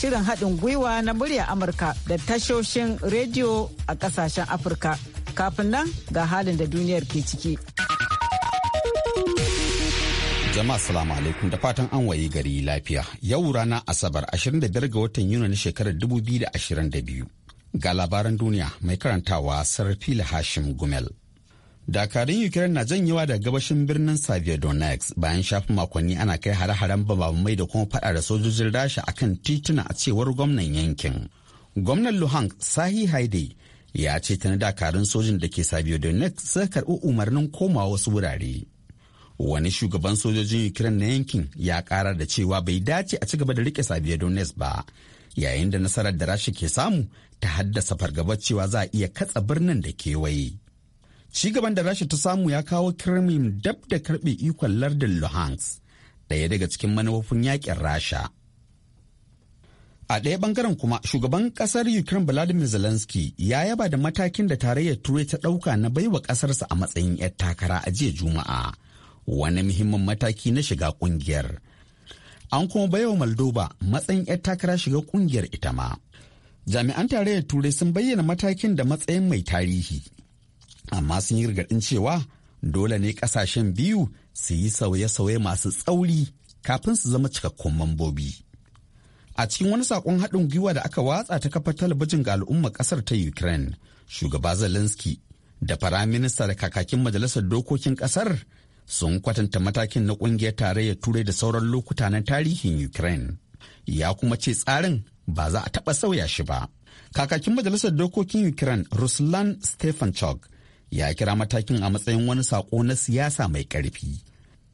shirin haɗin gwiwa na murya Amurka da tashoshin rediyo a ƙasashen Afirka. Kafin nan ga halin da duniyar ke ciki. Jama'a salamu alaikum da fatan an waye gari lafiya. Yau rana Asabar 25 ga watan Yuni na shekarar 2022. Ga labaran duniya mai karantawa Sarfila Hashim Gumel. dakarun ukraine na janyewa da gabashin birnin saviodonex bayan shafin makonni ana kai hare-haren mai da kuma fada da sojojin rasha akan tituna a cewar gwamnan yankin gwamnan luhansk sahi haide ya ce ta na dakarun sojin da ke saviodonex suka karɓi umarnin komawa wasu wurare wani shugaban sojojin ukraine na yankin ya kara da cewa bai dace a ci gaba da rike saviodonex ba yayin da nasarar da rasha ke samu ta haddasa fargabar cewa za a iya katsa birnin da kewaye Ci gaban da Rasha ta samu ya kawo Kremlin dab da karbe ikon lardin Luhansk, daya daga cikin manufofin yakin Rasha. A ɗaya bangaren kuma shugaban ƙasar Ukraine Vladimir Zelensky ya yaba da matakin da tarayyar Turai ta ɗauka na baiwa ƙasarsa a matsayin 'yar takara a jiya Juma'a, wani muhimmin mataki na shiga ƙungiyar. An kuma baiwa Moldova matsayin 'yar takara shiga ƙungiyar ita ma. Jami'an tarayyar Turai sun bayyana matakin da matsayin mai tarihi amma sun yi gargaɗin cewa dole ne ƙasashen biyu su yi sauye-sauye masu tsauri kafin su zama cikakkun mambobi. A cikin wani saƙon haɗin gwiwa da aka watsa ta kafa talabijin ga al'umma ƙasar ta Ukraine, shugaba Zelensky da firaminista da kakakin majalisar dokokin ƙasar sun kwatanta matakin na ƙungiyar tarayyar turai da sauran lokuta na tarihin Ukraine. Ya kuma ce tsarin ba za a taɓa sauya shi ba. Kakakin majalisar dokokin Ukraine Ruslan Stefanchuk ya kira matakin a matsayin wani sako na siyasa mai ƙarfi.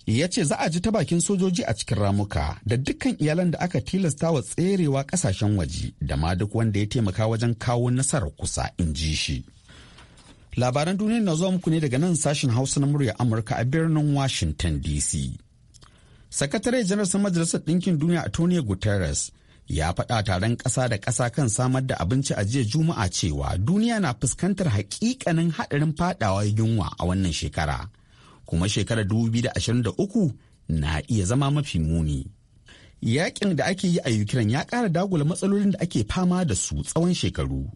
Ya ce za a ji ta bakin sojoji a cikin ramuka da dukkan iyalan da aka tilasta wa tserewa ƙasashen waje da ma duk wanda ya taimaka wajen kawo nasarar kusa in ji shi. Labaran duniya na zuwa muku ne daga nan sashen Hausa na murya Amurka a birnin Washington DC. Sakatare janar majalisar ɗinkin duniya Antonio Guterres ya faɗa taron ƙasa da ƙasa kan samar da abinci a jiya juma'a cewa duniya na fuskantar haƙiƙanin haɗarin faɗawa yunwa a wannan shekara kuma shekarar 2023 na iya zama mafi muni yaƙin da ake yi a ukraine ya ƙara dagula matsalolin da ake fama da su tsawon shekaru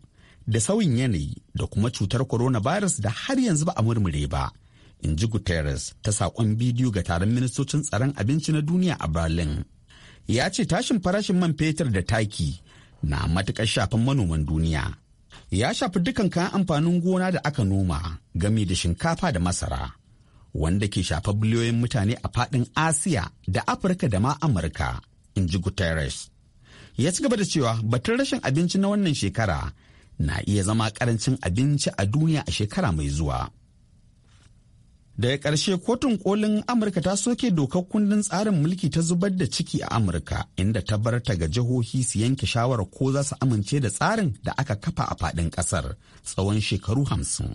da sauyin yanayi da kuma cutar coronavirus da har yanzu ba a murmure ba in ji guterres ta saƙon bidiyo ga taron ministocin tsaron abinci na duniya a berlin ya ce tashin farashin man fetur da taki na matuƙar shafin manoman duniya. Ya shafi dukan kayan amfanin gona da aka noma gami da shinkafa da masara, wanda ke shafa biliyoyin mutane a faɗin Asiya da Afirka da ma Amurka, in ji Guterres. Ya ci gaba da cewa batun rashin abinci na wannan shekara na iya zama ƙarancin abinci a duniya a shekara mai zuwa. daga ƙarshe kotun kolin amurka ta soke dokar kundin tsarin mulki ta zubar da ciki a amurka inda ta bar ta ga jihohi su yanke shawarar ko za su amince da tsarin da aka kafa a faɗin ƙasar tsawon shekaru hamsin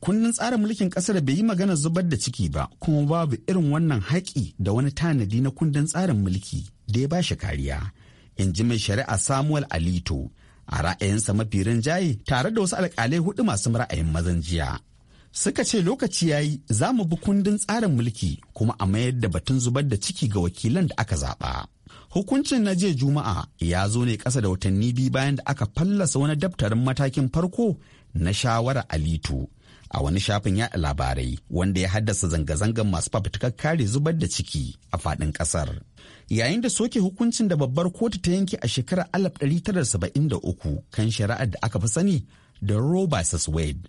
kundin tsarin mulkin ƙasar bai yi magana zubar da ciki ba kuma babu irin wannan haƙi da wani tanadi na kundin tsarin mulki da ya ba shi kariya in ji mai shari'a samuel alito a ra'ayinsa mafi rinjaye tare da wasu alƙalai hudu masu ra'ayin mazan jiya suka ce lokaci ya yi za mu bi kundin tsarin mulki kuma a mayar da batun zubar da ciki ga wakilan da aka zaɓa. Hukuncin na jiya Juma'a ya zo ne ƙasa da watanni biyu bayan da aka fallasa wani daftarin matakin farko na shawara Alitu a wani shafin yaɗa labarai wanda ya haddasa zanga-zangar masu fafutukar kare zubar da ciki a faɗin ƙasar. Yayin da soke hukuncin da babbar kotu ta yanke a shekarar 1973 kan shari'ar da aka fi sani da Roe vs. Wade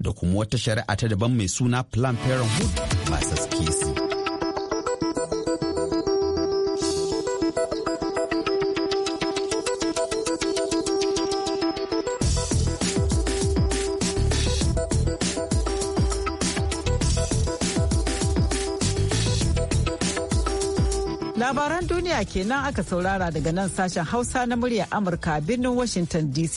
da kuma wata shari'a ta daban mai suna Planned Parenthood vs. Casey. Labaran duniya kenan aka saurara daga nan sashen Hausa na murya Amurka birnin Washington DC.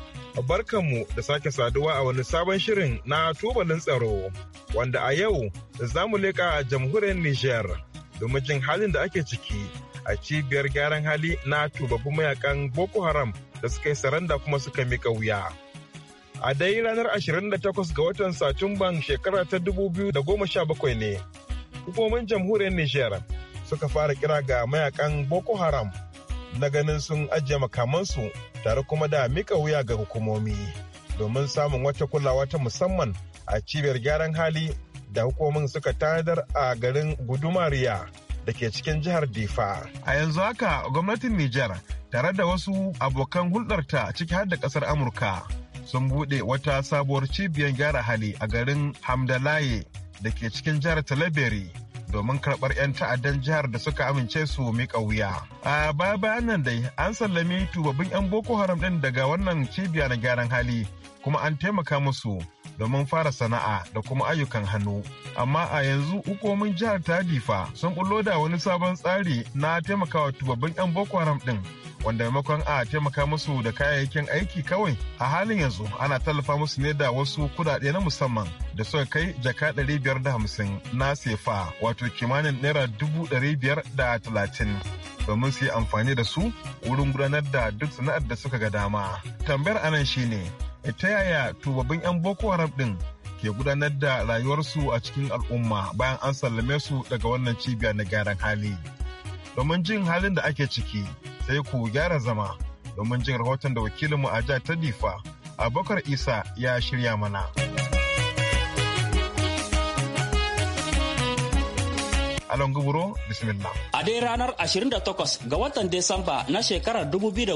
barkanmu da sake saduwa a wani sabon shirin na tubalin tsaro wanda a yau za mu leƙa jamhuriyar Nijar domin jin halin da ake ciki a cibiyar gyaran hali na tubabbun mayakan Boko Haram da suka yi saranda kuma suka mika wuya. A dai ranar 28 ga watan Satumban shekara ta 2017 ne, hukumomin jamhuriyar Nijar suka fara kira ga mayakan Boko Haram na ganin sun ajiye makamansu tare kuma da mika wuya ga hukumomi domin samun wata kulawa ta musamman a cibiyar gyaran hali da hukumomin suka tanadar a garin gudumariya da ke cikin jihar difa a yanzu haka gwamnatin niger tare da wasu abokan hulɗarta ciki har da ƙasar amurka sun buɗe wata sabuwar cibiyar gyara hali a garin hamdalaye da ke cikin jihar talabiri domin karɓar 'yan ta'addan jihar da suka amince su miƙa wuya. A baya bayan nan dai an sallame tubabbin 'yan Boko Haram ɗin daga wannan cibiya na gyaran hali kuma an taimaka musu domin fara sana'a da kuma ayyukan hannu. Amma a yanzu hukumomin jihar ta difa sun bullo da wani sabon tsari na taimakawa tubabbin 'yan Boko Haram ɗin. Wanda maimakon a taimaka musu da kayayyakin aiki kawai a halin yanzu ana tallafa musu ne da wasu kudade na musamman da suka kai jaka 550 na sefa wato kimanin naira 530. domin su yi amfani da su wurin gudanar da duk sana'ar da suka ga dama. Tambayar anan shine E, ta yaya tubabbin 'yan boko haram din ke gudanar da rayuwarsu a cikin al'umma bayan an sallame su daga wannan cibiya na gyaran hali domin jin halin da ake ciki sai ku gyara zama domin jin rahoton da wakilinmu a jihar ta difa abubakar isa ya shirya mana. Alon Guburo, bismillah. A dai ranar 28 ga watan Desamba na shekarar 2017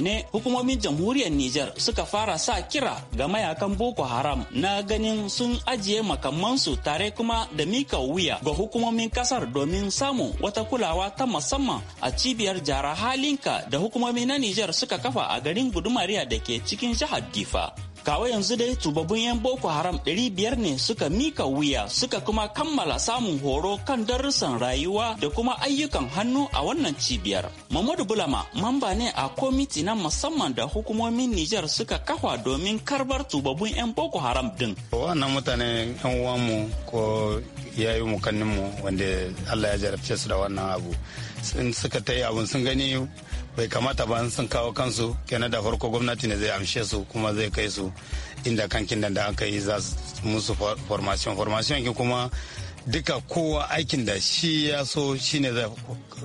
ne hukumomin jamhuriyar Nijar suka fara sa kira ga mayakan Boko Haram na ganin sun ajiye makamansu tare kuma da mika wuya ga hukumomin kasar domin samun wata kulawa ta musamman a cibiyar jara halinka da hukumomi na Nijar suka kafa a garin Gudumariya da ke cikin jihar Difa. kawo yanzu dai tubabbun 'yan boko haram biyar ne suka mika wuya suka kuma kammala samun horo kan darussan rayuwa da kuma ayyukan hannu a wannan cibiyar mamadu bulama mamba ne a komiti na musamman da hukumomin nijar suka kafa domin karbar tubabbun 'yan boko haram din wannan mutane 'yan mu ko yayi mu wanda allah ya jarabce su da wannan abu sun suka ta yi abun sun gani bai kamata ba sun kawo kansu kenan da farko gwamnati ne zai amshe su kuma zai kai su inda kankin da aka yi za musu formation formation ki kuma duka kowa aikin da shi ya so shine zai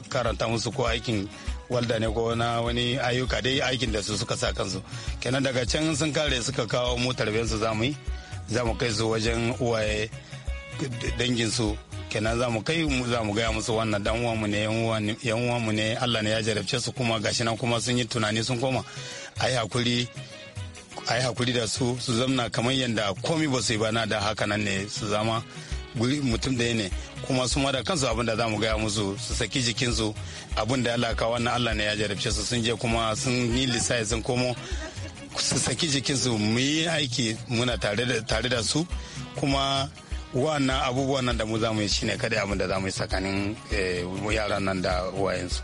karanta musu ko aikin walda ne ko na wani ayyuka dai aikin da su suka sa kansu kenan daga can sun kare suka kawo mu tarbiyyar zamu yi za mu kai su wajen uwaye danginsu kenan za mu kai mu za mu gaya musu wannan dan uwanmu ne yan uwanmu ne Allah ne ya jarabce su kuma gashi nan kuma sun yi tunani sun koma a hakuri a hakuri da su su zamna kamar yadda komi ba su yi ba na da haka nan ne su zama guri mutum da ne kuma su da kansu abin da za mu gaya musu su saki jikinsu abin da Allah ka wannan Allah ne ya jarabce su sun je kuma sun yi lissafi sun komo su saki jikinsu mu yi aiki muna tare da su kuma wannan abubuwan nan da mu zamu yi shine kada abin da zamu yi tsakanin eh, yaran nan da wayansu.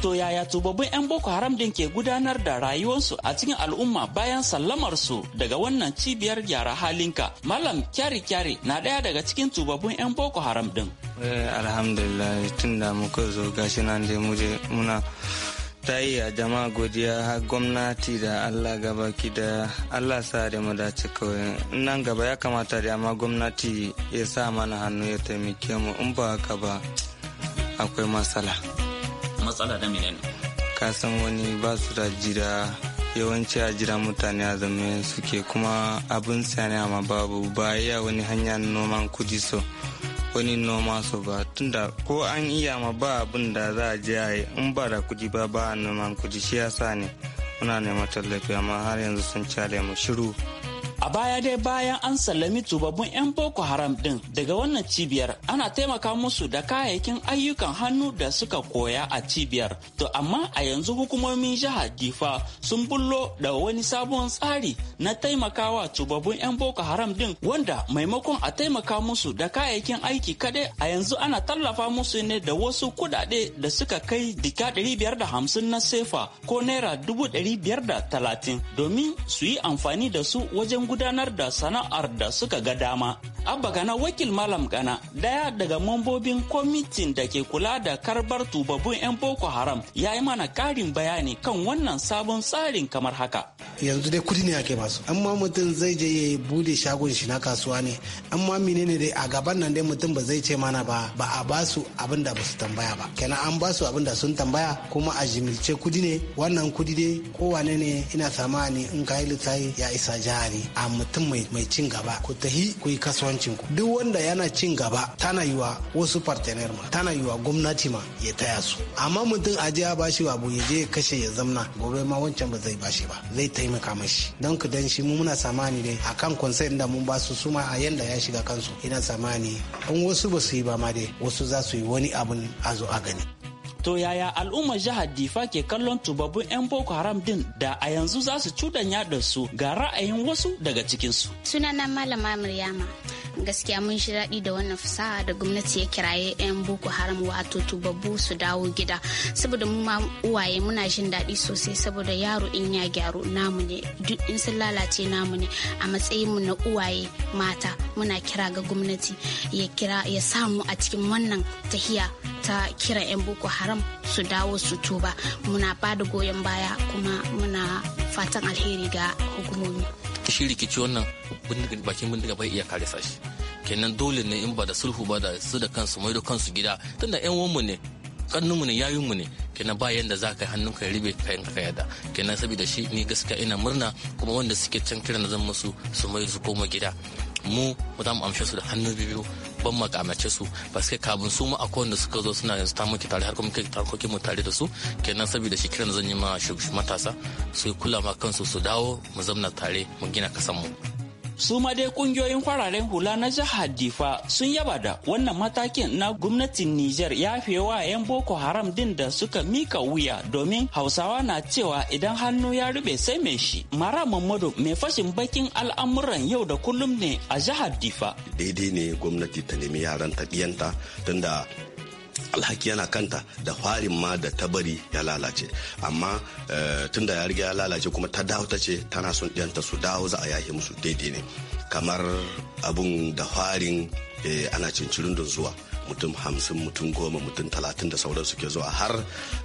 To yaya tubabbin 'yan Boko Haram din ke gudanar da rayuwarsu a cikin al'umma bayan sallamarsu daga wannan cibiyar gyara halinka. Malam kyari kyari na ɗaya daga cikin tubabbin 'yan Boko Haram din. Eh, alhamdulillah tun da muka zo gashi nan dai muje muna ta yi a jama'a godiya har gwamnati da allah gaba ki da allah sa da mu dace kawai nan gaba ya kamata da amma gwamnati ya sa mana hannu ya taimake mu in ba haka ba akwai matsala matsala da menene ka san wani ba su da jira yawanci a jira mutane a zama suke kuma abin sani amma babu ba iya wani hanyar noman kudi so wani noma su ba tunda ko an iya ma ba abin da za a je a yi in ba da kuji ba ba a noman kuji shi yasa ne muna neman tallafi amma har yanzu sun cale mu shiru A baya dai bayan an sallami tubabbun 'yan Boko Haram din daga wannan cibiyar ana taimaka musu da kayayyakin ayyukan hannu da suka koya a cibiyar. To amma a yanzu hukumomin jihar Difa sun bullo da wani sabon tsari na taimakawa tubabbun 'yan Boko Haram din wanda maimakon a taimaka musu da kayayyakin aiki kadai a yanzu ana tallafa musu ne da wasu kudade da suka kai dika 550 na sefa ko naira talatin domin su yi amfani da su wajen gudanar da sana'ar da suka ga dama. Abba Gana wakil Malam Gana daya daga mambobin kwamitin da ke kula da karbar tubabun 'yan Boko Haram ya yi mana karin bayani kan wannan sabon tsarin kamar haka. Yanzu dai kudi ne ake basu, amma mutum zai je ya bude shagon shi na kasuwa ne, amma menene dai a gaban nan dai mutum ba zai ce mana ba ba a basu abin da basu tambaya ba. Kenan an basu abin da sun tambaya kuma a jimilce kudi ne wannan kudi dai kowane ne ina samani in kayi ya isa jihar ne. a mutum mai cin gaba ku tahi ku yi kasuwancin ku duk wanda yana cin gaba tana yiwa wasu partner ma tana yiwa gwamnati ma ya taya su amma mutum a ya bashi abu ya je ya kashe ya zamna gobe ma wancan ba zai bashi ba zai taimaka mashi don ku dan shi mu muna samani ne a kan consent da mun basu su ma a yanda ya shiga kansu ina samani in wasu ba su yi ba ma dai wasu za su yi wani abun a zo a gani To yaya al'ummar jihar Difa ke kallon tubabbun 'yan Boko Haram din da a yanzu za su cudanya da su ga ra'ayin wasu daga cikinsu. Sunana Malama Maryama. gaskiya mun shi daɗi da wannan fasaha da gwamnati ya kiraye 'yan boko haram wato tubabbu su dawo gida saboda mu ma uwaye muna jin daɗi sosai saboda yaro in ya gyaru namu ne duk in sun lalace namu ne a matsayinmu na uwaye mata muna kira ga gwamnati ya kira ya samu a cikin wannan tahiya ta kira 'yan boko haram su dawo su tuba muna ba da goyon baya kuma muna fatan alheri ga hukumomi. Shi rikici wannan bakin bindiga bai iya kare sashi kenan dole ne in ba da sulhu ba da su da kansu da kansu gida tunda yan uwanmu ne kannunmu ne yayunmu ne kenan ba yanda za ka hannun ka ribe kayan ka yada kenan saboda shi ni gaskiya ina murna kuma wanda suke can kiran zan musu su mai su koma gida mu za mu amshe su da hannu biyu ban makamace su ba suke kabin su ma a wanda suka zo suna yanzu ta muke tare har kuma tarkokin mu tare da su kenan saboda shi kiran zan yi ma matasa su kula ma kansu su dawo mu zamna tare mu gina kasan mu su ma dai kungiyoyin fararen hula na jihar difa sun yaba da wannan matakin na gwamnatin niger ya wa 'yan boko haram din da suka mika wuya domin hausawa na cewa idan hannu ya rube sai mai shi mara mamadu mai fashin bakin al'amuran yau da kullum ne a jihar difa daidai ne gwamnati ta nemi yaran ta tunda alhaki yana kanta da farin ma da ta bari ya lalace amma eh, tun da ya riga ya lalace kuma ta dawo ta ce tana son ɗiyanta su dawo za a yaki musu daidai ne kamar abun da farin eh, ana cincirin don zuwa mutum hamsin mutum goma mutum talatin da sauran suke zuwa har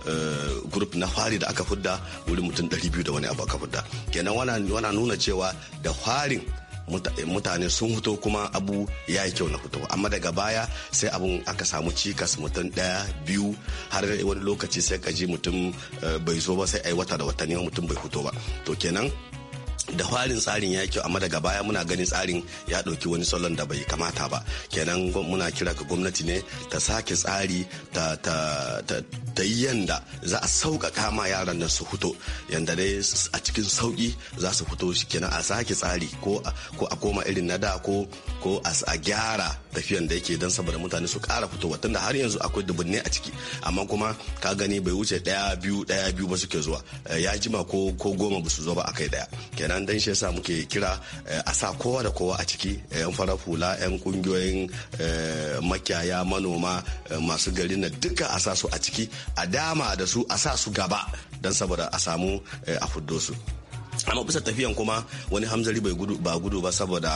eh, grup na fari da aka fudda wurin mutum ɗari biyu da wani abu aka fudda kenan wana nuna cewa da farin mutane sun fito kuma abu ya yi kyau na fito amma daga baya sai abun aka samu cikas mutum daya biyu har wani lokaci sai ka ji mutum eh, bai zo ba sai a yi wata da watanni mutum bai fito ba to kenan da farin tsarin ya kyau amma daga baya muna ganin tsarin ya ɗauki wani salon da bai kamata ba kenan muna kira ga gwamnati ne ta sake tsari ta yi yanda za a sauƙaƙa ma yaran nan su fito yanda dai a cikin sauƙi za su fito kenan a sake tsari ko a koma irin na da ko a gyara tafiyan da yake don saboda mutane su ƙara fitowa tunda har yanzu akwai dubunne a ciki amma kuma ka gani bai wuce ɗaya biyu ɗaya biyu ba suke zuwa eh, ya jima ko ko goma ba su zo ba a kai ɗaya kenan dan shi yasa muke kira eh, a sa kowa da kowa a ciki eh, yan farar hula yan kungiyoyin eh, makiyaya manoma masu gari na duka a sa su a ciki a dama da su a sa su gaba don saboda a samu a fuddo su amma bisa tafiyan kuma wani hamzari bai gudu ba gudu ba saboda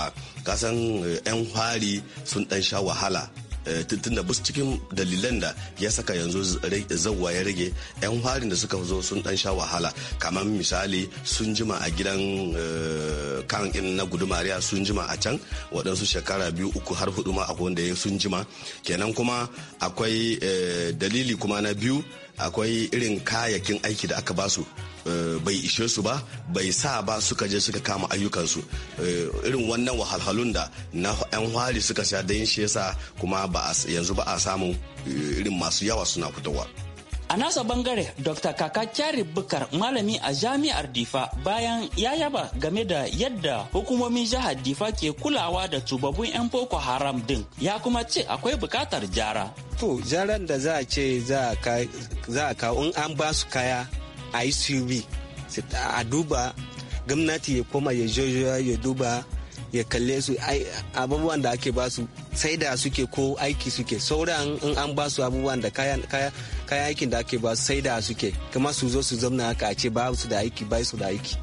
kasan yan fari sun dan sha wahala tuntun eh, da bus cikin dalilan da ya saka yanzu zauwa ya rage yan harin da suka zo sun dan sha wahala kamar misali sun jima a gidan kan eh, in na gudumariya sun jima a can waɗansu shekara biyu uku har hudu ma akwai wanda ya sun jima kenan kuma akwai eh, dalili kuma na biyu akwai irin kayakin aiki da aka basu eh, bai ishe su ba bai sa ba suka je suka kama ayyukansu eh, irin wannan wahalhalun da na 'yan hwari suka sha da yin shi yasa kuma yanzu ba a samu eh, irin masu yawa suna fitowa. A nasa bangare Dr. Kaka Kyari Bukar malami a jami'ar Difa bayan ya yaba game da yadda hukumomin jihar Difa ke kulawa da tubabun 'yan Boko Haram din ya kuma ce akwai bukatar jara. To, jaran da za a ce za a za a kawo in an ba su kaya a yi a duba gwamnati ya koma ya jojoya ya duba ya kalle su abubuwan da ake basu sai da suke ko aiki suke sauran in an basu abubuwan da kayan aikin da ake basu sai da suke kuma su zo su zamna haka a ce ba su da aiki ba su da aiki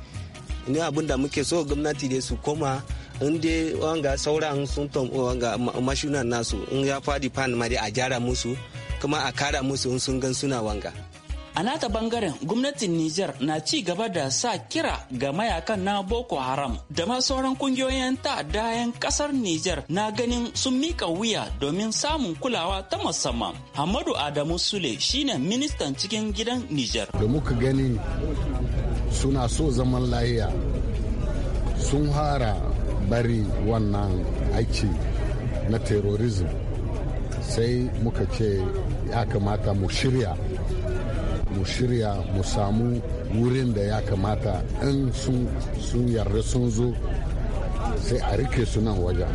ne abin da muke so gwamnati dai su koma in dai wanga sauran sun tom wanga mashinan nasu in ya fadi fan ma dai a jara musu kuma a kara musu in sun gan suna wanga A nata bangaren gwamnatin Nijar na ci gaba da sa kira ga mayakan na Boko Haram da ma sauran kungiyoyin ta'adda 'yan kasar Nijar na ganin sun mika wuya domin samun kulawa ta musamman. Hamadu Adamu Sule shine ministan cikin gidan Nijar. Da muka gani suna so zaman lahiya sun hara bari wannan aiki na terorism sai muka ce ya kamata mu shirya mu shirya mu samu wurin da ya kamata in sun yarda sun zo sai a rike su nan wajen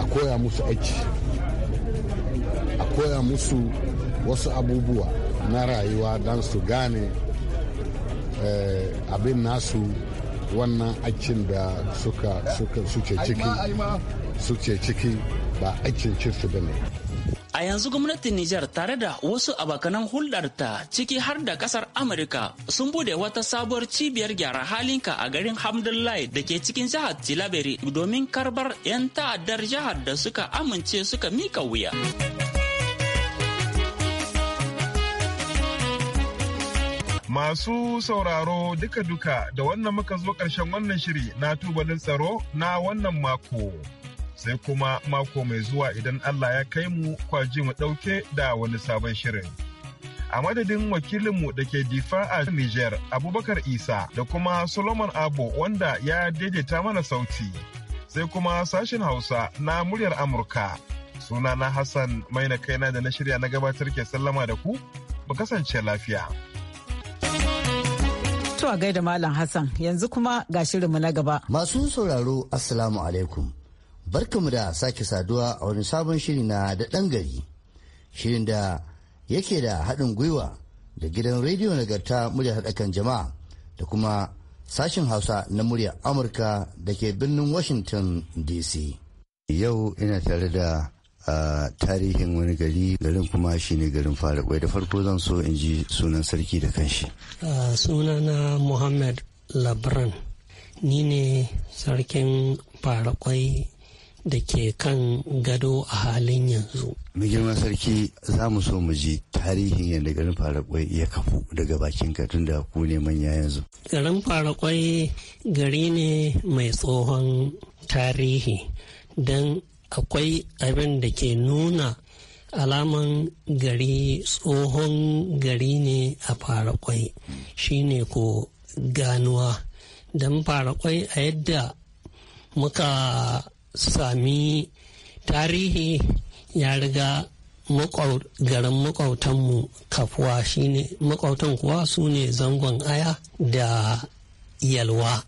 a koya musu aiki a koya musu wasu abubuwa na rayuwa don su gane eh, abin nasu wannan aikin da suka suke ciki ba aikin cikin ba ne A yanzu gwamnatin Nijar tare da wasu abakanan hulɗarta ciki har da ƙasar Amurka sun bude wata sabuwar cibiyar gyara halinka a garin Hamdullahi da ke cikin jihar Tilaberi domin karbar 'yan ta'addar jihar da suka amince suka mika wuya. Masu sauraro duka-duka da wannan muka zo ƙarshen wannan shiri na tubalin tsaro na wannan mako. sai kuma mako mai zuwa idan Allah ya kai mu kwaji mu ɗauke da wani sabon shirin. A madadin wakilinmu da ke difa a Niger, Abubakar Isa da kuma Solomon Abo wanda ya daidaita mana sauti, sai kuma sashen Hausa na muryar Amurka. Suna na Hassan mai na kaina da na shirya na gabatar ke sallama da ku, mu kasance lafiya. Tuwa a gaida Malam Hassan, yanzu kuma ga shirinmu na gaba. Masu sauraro, Assalamu alaikum. barkamu da sake saduwa a wani sabon shiri na da ɗan gari shirin da yake da haɗin gwiwa da gidan rediyo nagarta muryar haɗakan jama'a da kuma sashin hausa na murya amurka da ke birnin washington dc yau ina tare da a tarihin wani gari garin kuma shi ne garin farakwai da farko zan so in ji sunan sarki da kanshi sunana muhammad labran ni ne sarkin farakwai da ke kan gado a halin yanzu. Mai girma sarki za mu so mu ji tarihin yadda garin farakwai ya kafu daga bakin katun da ku ne manya yanzu. Garin farakwai gari ne mai tsohon tarihi don akwai abin da ke nuna alaman gari tsohon gari ne a farakwai shine ko ganuwa don farakwai a yadda muka sami tarihi ya riga garin makwautanmu kafuwa shine makwautan kuwa su ne zangon aya da yalwa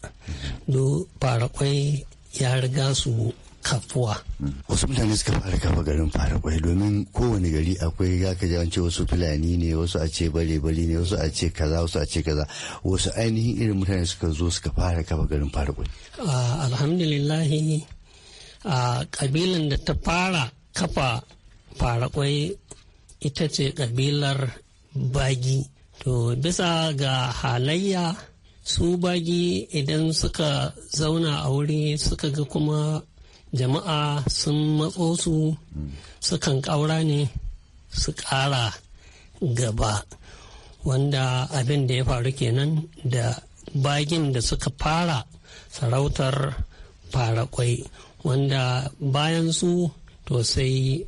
do farakwai ya riga su kafuwa. Wasu mutane suka fara kafa garin farakwai domin kowane gari akwai ya ka an ce wasu fulani ne wasu a ce bare bare ne wasu a ce kaza wasu a ce kaza wasu ainihin irin mutane suka zo suka fara kafa garin farakwai. Ah, alhamdulillahi a kabilan da ta fara kafa farakwai ita ce kabilar bagi to bisa ga halayya su bagi idan suka zauna a wuri suka ga kuma jama'a sun matso su sukan ƙaura ne su ƙara gaba wanda abin da ya faru kenan da bagin da suka fara sarautar farakwai wanda bayan su to sai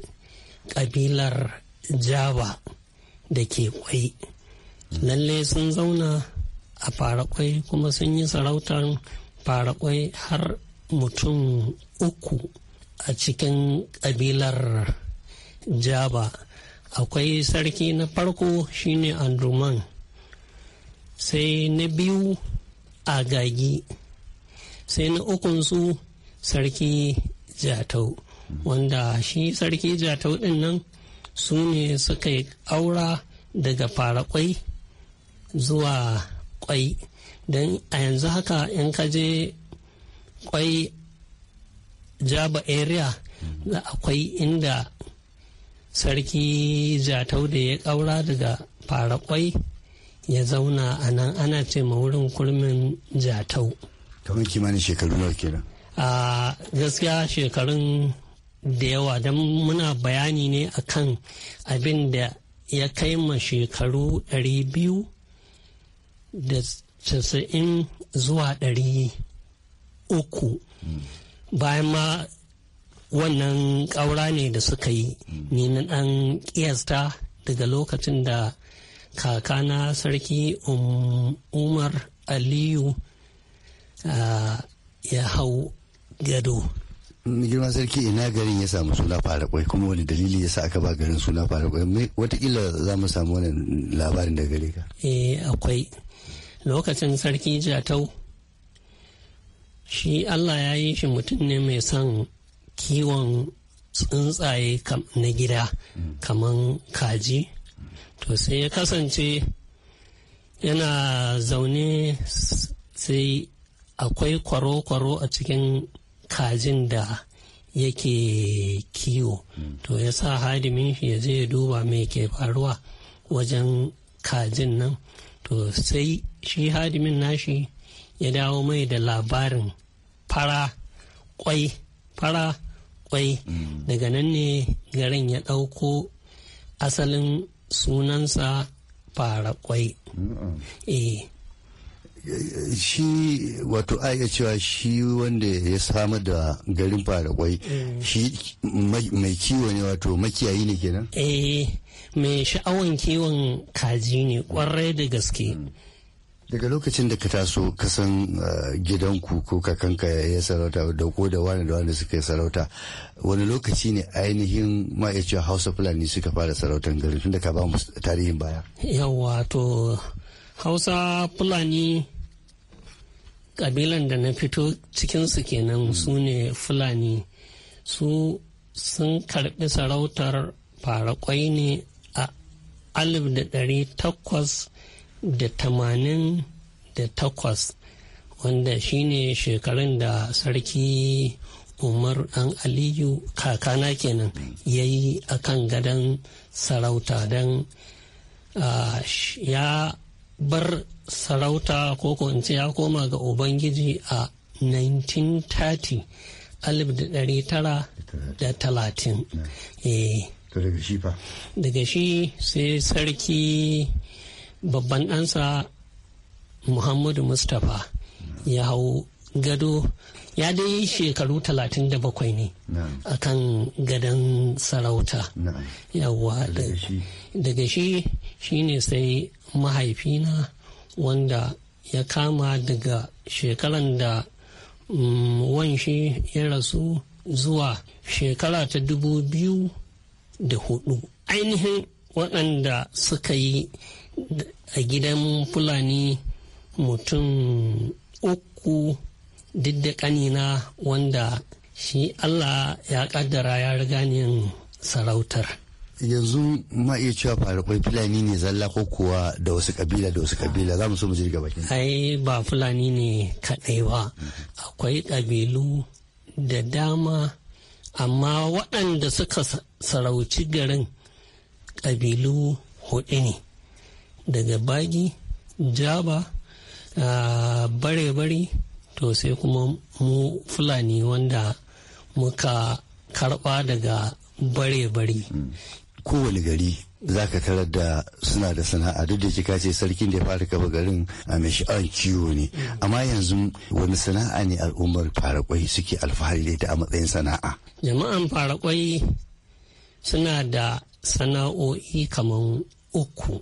kabilar java da ke kwai lalle sun zauna a farakwai kuma sun yi sarautar farakwai har mutum uku a cikin kabilar jaba akwai sarki na farko shine andruman sai na biyu a agagi sai na ukunsu sarki jatau wanda shi sarki jatau din nan su ne suka yi aura daga fara kwai zuwa kwai don a yanzu haka in ka je kwai jaba area da akwai inda sarki jatau da ya ƙaura daga fara kwai ya zauna a nan ana ce ma wurin kurmin jatau kamar kimanin shekaru nawa kenan a gaskiya shekarun da yawa don muna bayani ne akan abin da ya kai ma shekaru 290 da casa'in zuwa ɗari bayan ma wannan ƙaura ne da suka yi ni na ɗan ƙiyasta daga lokacin da kakana sarki um-, umar aliyu ya hau Gado. Mm, girma sarki ina garin ya samu suna farakwai kuma wani dalili ya sa aka ba garin suna farakwai watakila za mu samu wani labarin da gare ka eh akwai lokacin sarki jatau shi allah ya yi shi mutum ne mai son kiwon tsuntsaye na gida mm. kaman kaji to sai ya kasance yana zaune sai akwai kwaro-kwaro a cikin kajin da yake kiwo to ya sa hadimin shi ya je ya duba mai ke faruwa wajen kajin nan to sai shi hadimin nashi ya dawo mai da labarin fara kwai fara kwai daga nan ne garin ya ɗauko asalin sunansa fara kwai eh shi wato a cewa shi wanda ya samar da garin kwai eh. shi mai kiwo ne wato makiyayi ne kenan? eh mai sha'awan kiwon kaji ne kwarai da gaske hmm. daga lokacin da ka taso kasan eh, gidanku ko kakanka ya sarauta da ko da wani da wani suka yi sarauta wani lokaci ne ainihin ma hausa fulani suka fara sarautar garin tun da ka ba mu tarihin baya yawa to hausa fulani kabilan da na fito cikinsu kenan su ne fulani su sun karɓi sarautar farakwai ne a alif da ɗari takwas da tamanin da takwas wanda shi ne shekarun da sarki umar dan aliyu kakana kenan ya yi a kan gadon sarauta don ah, ya bar sarauta ko in ce ya koma ga ubangiji a 1930 1930 eh. daga shi daga shi sai sarki babban ɗansa muhammadu mustapha ya hau gado ya dai shekaru talatin da bakwai ne a kan gadon sarauta yawa daga shi shi ne sai mahaifina wanda ya kama daga shekaran da mm, wanshi ya rasu zuwa shekara ta dubu biyu da hudu ainihin waɗanda suka yi a gidan fulani mutum uku duk da ƙanina wanda shi Allah ya ƙaddara ya riga ni sarautar. yanzu ma iya cewa fulani ne zalla ko kuwa da wasu kabila da wasu kabila za mu so mu jirga bakin ai ba fulani ne kaɗai ba akwai ƙabilu da dama amma waɗanda suka sarauci garin ƙabilu hudu ne daga bagi jaba ah, bare-bare to sai kuma mu fulani wanda muka karba daga bare-bare kowane gari za ka tarar da suna da sana'a duk da kika ce sarkin da ya fara kafa garin a mai sha'awar kiwo ne amma yanzu wani sana'a ne al'ummar farakwai suke alfahari da a matsayin sana'a jama'an farakwai suna da sana'o'i kamar uku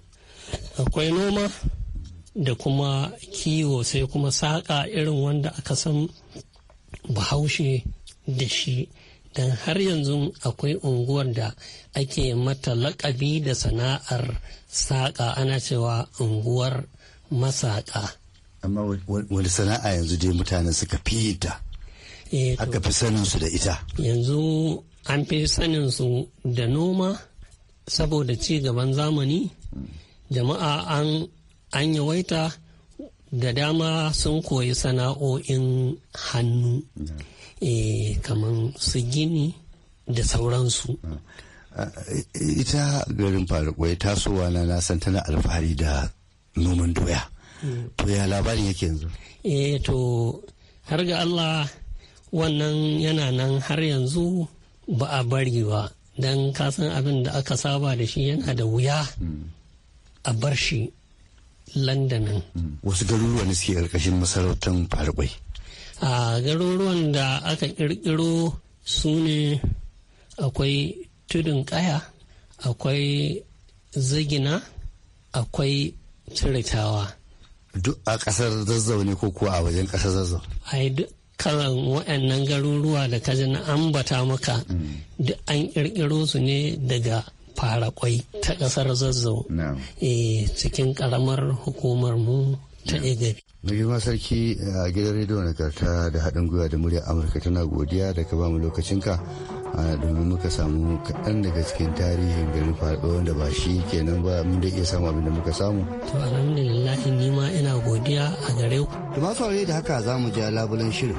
akwai noma da kuma kiwo sai kuma saƙa irin wanda aka san bahaushe da shi don har yanzu akwai unguwar da ake mata lakabi da sana'ar saƙa ana cewa unguwar masaƙa amma wani sana'a yanzu dai mutane suka fi ta eh aka fi saninsu da ita yanzu an fi su da noma saboda ci gaban zamani jama'a an an yawaita da dama sun koyi sana'o'in hannu eh, kamar su gini da sauransu uh, ita garin farikwai tasowa na nasan tana alfahari da noman doya mm. to ya labarin yake yanzu eh to har ga allah wannan yana nan har yanzu ba a bari ba don kasan abin da aka saba da shi yana da wuya mm. a bar shi landanin wasu garuruwa ne suke ƙarƙashin masarautar farkwai a garuruwan da aka ƙirƙiro su ne akwai tudun ƙaya akwai zagina akwai ciritawa duk a ƙasar zazzau ne ko kuwa a wajen ƙasar zazzau duk kalan waɗannan garuruwa da ka na ambata maka mm. duk an ƙirƙiro su ne daga fara kwai ta mm. kasar zazzau eh, cikin karamar hukumar mu ta egari. mai girma sarki a gidan rediyo na karta da haɗin gwiwa da murya amurka tana godiya da ka bamu lokacinka domin muka samu kaɗan daga cikin tarihin garin faɗo wanda ba shi kenan ba mun da iya samu abin da muka samu. to alhamdulillah ni ma ina godiya a gare ku. da masu da haka za mu ja labulen shirin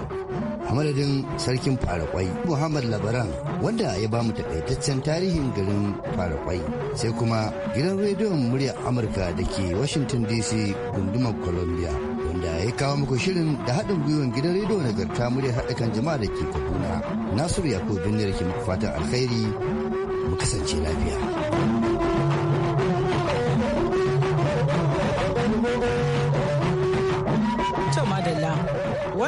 a madadin sarkin farakwai muhammad labaran wanda ya ba mu takaitaccen tarihin garin farakwai sai kuma gidan rediyon muryar amurka da ke washington dc gundumar columbia wanda ya kawo muku shirin da haɗin gwiwan gidan rediyo nagarta muryar haɗa kan jama'a da ke kaduna nasiru yakubu bin da ke muku fatan alkhairi mu kasance lafiya.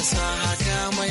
yasa haka mai